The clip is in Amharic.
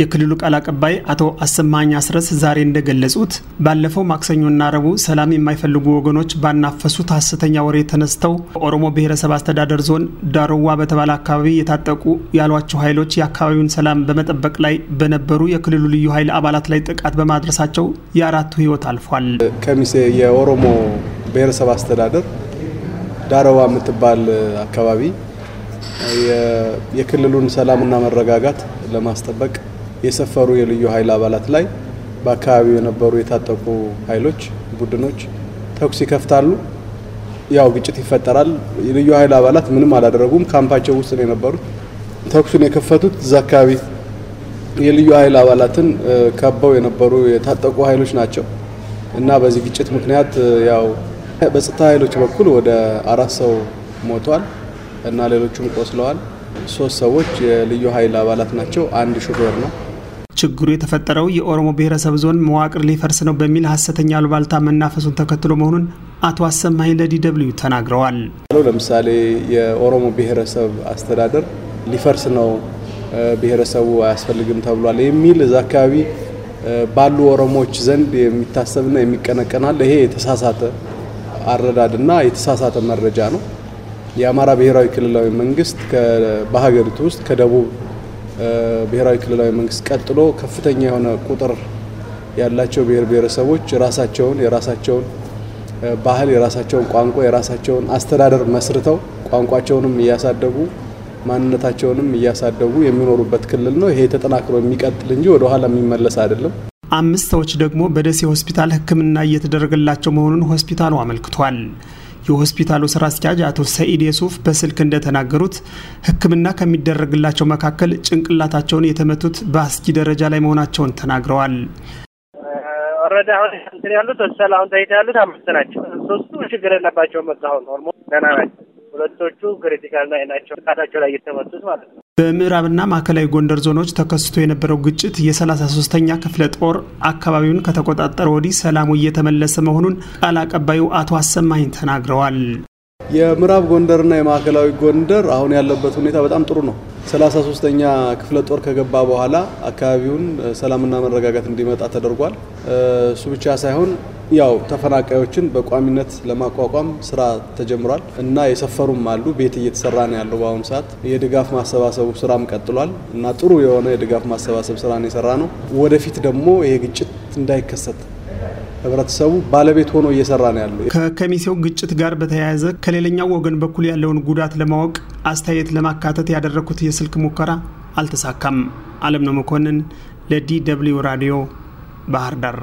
የክልሉ ቃል አቀባይ አቶ አሰማኝ አስረስ ዛሬ እንደገለጹት ባለፈው ማክሰኞና ረቡዕ ሰላም የማይፈልጉ ወገኖች ባናፈሱት ሀሰተኛ ወሬ ተነስተው ኦሮሞ ብሔረሰብ አስተዳደር ዞን ዳሮዋ በተባለ አካባቢ የታጠቁ ያሏቸው ኃይሎች የአካባቢውን ሰላም በመጠበቅ ላይ በነበሩ የክልሉ ልዩ ኃይል አባላት ላይ ጥቃት በማድረሳቸው የአራቱ ህይወት አልፏል። ከሚሴ የኦሮሞ ብሔረሰብ አስተዳደር ዳሮዋ የምትባል አካባቢ የክልሉን ሰላምና መረጋጋት ለማስጠበቅ የሰፈሩ የልዩ ኃይል አባላት ላይ በአካባቢው የነበሩ የታጠቁ ኃይሎች ቡድኖች ተኩስ ይከፍታሉ። ያው ግጭት ይፈጠራል። የልዩ ኃይል አባላት ምንም አላደረጉም። ካምፓቸው ውስጥ ነው የነበሩት። ተኩሱን የከፈቱት እዛ አካባቢ የልዩ ኃይል አባላትን ከበው የነበሩ የታጠቁ ኃይሎች ናቸው እና በዚህ ግጭት ምክንያት ያው በጸጥታ ኃይሎች በኩል ወደ አራት ሰው ሞቷል እና ሌሎቹም ቆስለዋል። ሶስት ሰዎች የልዩ ኃይል አባላት ናቸው። አንድ ሹፌር ነው። ችግሩ የተፈጠረው የኦሮሞ ብሔረሰብ ዞን መዋቅር ሊፈርስ ነው በሚል ሀሰተኛ አሉባልታ መናፈሱን ተከትሎ መሆኑን አቶ አሰማኝ ለዲ ተናግረዋል። ለምሳሌ የኦሮሞ ብሔረሰብ አስተዳደር ሊፈርስ ነው፣ ብሔረሰቡ አያስፈልግም ተብሏል የሚል እዛ አካባቢ ባሉ ኦሮሞዎች ዘንድ የሚታሰብና የሚቀነቀናል። ይሄ የተሳሳተ አረዳድና የተሳሳተ መረጃ ነው። የአማራ ብሔራዊ ክልላዊ መንግስት በሀገሪቱ ውስጥ ከደቡብ ብሔራዊ ክልላዊ መንግስት ቀጥሎ ከፍተኛ የሆነ ቁጥር ያላቸው ብሔር ብሔረሰቦች ራሳቸውን የራሳቸውን ባህል፣ የራሳቸውን ቋንቋ፣ የራሳቸውን አስተዳደር መስርተው ቋንቋቸውንም እያሳደጉ ማንነታቸውንም እያሳደጉ የሚኖሩበት ክልል ነው። ይሄ ተጠናክሮ የሚቀጥል እንጂ ወደኋላ የሚመለስ አይደለም። አምስት ሰዎች ደግሞ በደሴ ሆስፒታል ሕክምና እየተደረገላቸው መሆኑን ሆስፒታሉ አመልክቷል። የሆስፒታሉ ስራ አስኪያጅ አቶ ሰኢድ የሱፍ በስልክ እንደተናገሩት ሕክምና ከሚደረግላቸው መካከል ጭንቅላታቸውን የተመቱት በአስጊ ደረጃ ላይ መሆናቸውን ተናግረዋል። ወረዳ አሁን ያሉት ሆስፒታል አሁን ተይተው ያሉት አምስት ናቸው። ሶስቱ ችግር የለባቸው መዛሁን አሁን ኖርሞ ደህና ናቸው። ሁለቶቹ ክሪቲካል ላይ ናቸው። ፍቃዳቸው ላይ እየተመቱት ማለት ነው። በምዕራብና ማዕከላዊ ጎንደር ዞኖች ተከስቶ የነበረው ግጭት 3 ሶስተኛ ክፍለ ጦር አካባቢውን ከተቆጣጠረ ወዲህ ሰላሙ እየተመለሰ መሆኑን ቃል አቀባዩ አቶ አሰማኝ ተናግረዋል። የምዕራብ ጎንደርና የማዕከላዊ ጎንደር አሁን ያለበት ሁኔታ በጣም ጥሩ ነው። ሰላሳ ሶስተኛ ክፍለ ጦር ከገባ በኋላ አካባቢውን ሰላምና መረጋጋት እንዲመጣ ተደርጓል። እሱ ብቻ ሳይሆን ያው ተፈናቃዮችን በቋሚነት ለማቋቋም ስራ ተጀምሯል እና የሰፈሩም አሉ። ቤት እየተሰራ ነው ያለው። በአሁኑ ሰዓት የድጋፍ ማሰባሰቡ ስራም ቀጥሏል እና ጥሩ የሆነ የድጋፍ ማሰባሰብ ስራ ነው የሰራ ነው። ወደፊት ደግሞ ይሄ ግጭት እንዳይከሰት ህብረተሰቡ ባለቤት ሆኖ እየሰራ ነው ያለው። ከከሚሴው ግጭት ጋር በተያያዘ ከሌላኛው ወገን በኩል ያለውን ጉዳት ለማወቅ አስተያየት ለማካተት ያደረኩት የስልክ ሙከራ አልተሳካም። አለም ነው መኮንን ለዲ ደብልዩ ራዲዮ ባህር ዳር